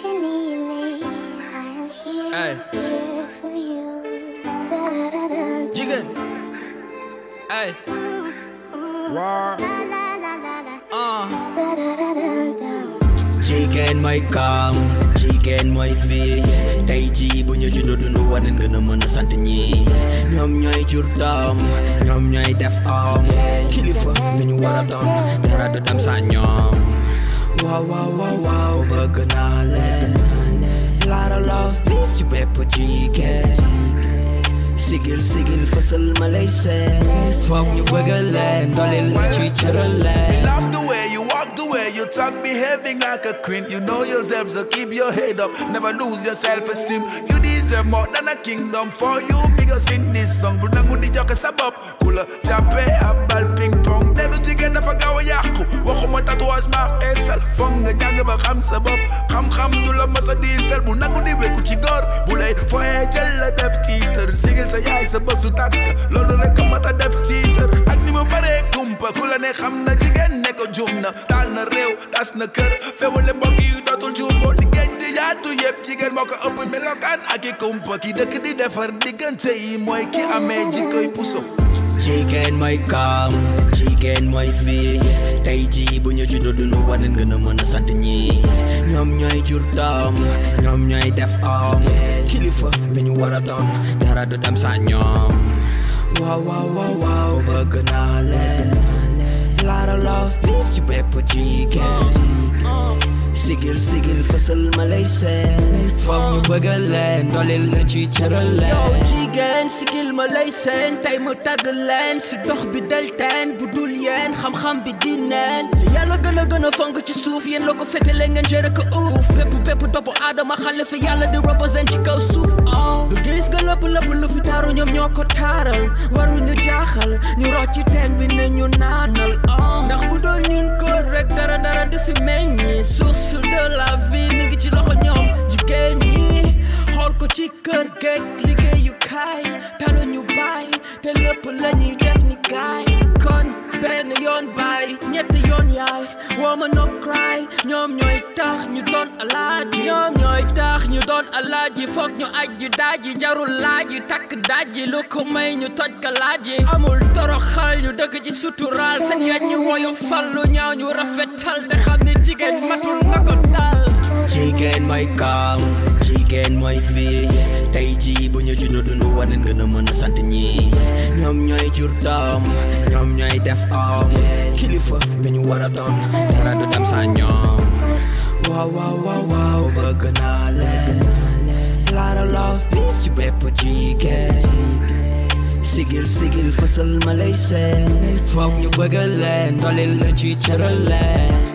I am here, for you. Hey. Uh. Chicken my calm, chicken my feel Tay ji bu ñu dundu war nañ gëna mëna sant ñi ñoom nyam jur def am kilifa dañu wara doon dara du dem sa ñoom Wow waaw waaw love please ci bépp jigéen sigil sigil fësal ma lay Fuck foog wiggle bëggal leen dolil love the way you walk the way you talk behaving like a queen you know yourself so keep your head up never lose your self esteem you deserve more than a kingdom for you because in this song bu gundi di sabop, sa bopp abal la jàppe ab ping pong dellu jigéen dafa Fagawa a xawma tatouage maa xeesal foog nga jàng ba xam sa bopp xam-xam du la masa diisal bu nangu di wekku ci góor bu lay foyee jël la def tiitar sigil sa yaay sa bësu tàkk loolu rek mata def tiitar ak ni mu baree kumpa ku la ne xam na jigéen ne ko jum na taal na réew tas na kër fewale mbokk yu dootul juuboo di géej di yaatu yëpp jigéen moo ko ëpp melokaan ak i kumpa ki dëkk di defar diggante yi mooy ki amee jikkoy puso jigéen mooy kaam jigéen mooy fii tey jii bu ñu juddoo dund war nañ gën a a sant ñi ñoom ñooy jur doom ñoom def kilifa dara sa waaw waaw waaw waaw bëgg naa leen lot of love peace ci bépp sigil sigil fësal ma lay seen foog ñu bëgga leen dolil la ci cëral sigil ma lay seen si dox bi del bu dul yeen xam-xam bi di neen yàlla gën a gën a fonk ci suuf yéen la ko féetale ngeen ko uuf bépp bépp topp aadama xale fi di représente ci kaw suuf du oh. gis nga fi taaru ñoom ñoo ko taaral waruñu jaaxal ñu roc ci bi ne naanal te lépp la ñuy def ni gaay kon benn yoon baay ñetti yoon yaay woo ma no cry ñoom ñooy tax ñu doon alaaji ñoom ñooy tax ñu doon alaaji foog ñu ajji daaji jarul laaji takk daaji lu ko may ñu toj ka laaji amul toroxal ñu dëgg ci sutural seen yañ ñu woyo fal lu ñaaw ñu rafetal te xam ne jigéen matul na ko jigéen my kaam jigéen my fii tey jii bu ñu juddoo dund war nañ gën a mën a sant ñi ñoom jur doom ñoom ñooy def am kilifa dañu war a doon dara du dem sa ñoom waaw waaw waaw waaw bëgg lot of love peace ci bépp jigéen sigil sigil fësal Malaysia, lay seen foog ñu bëgg leen dolil la ci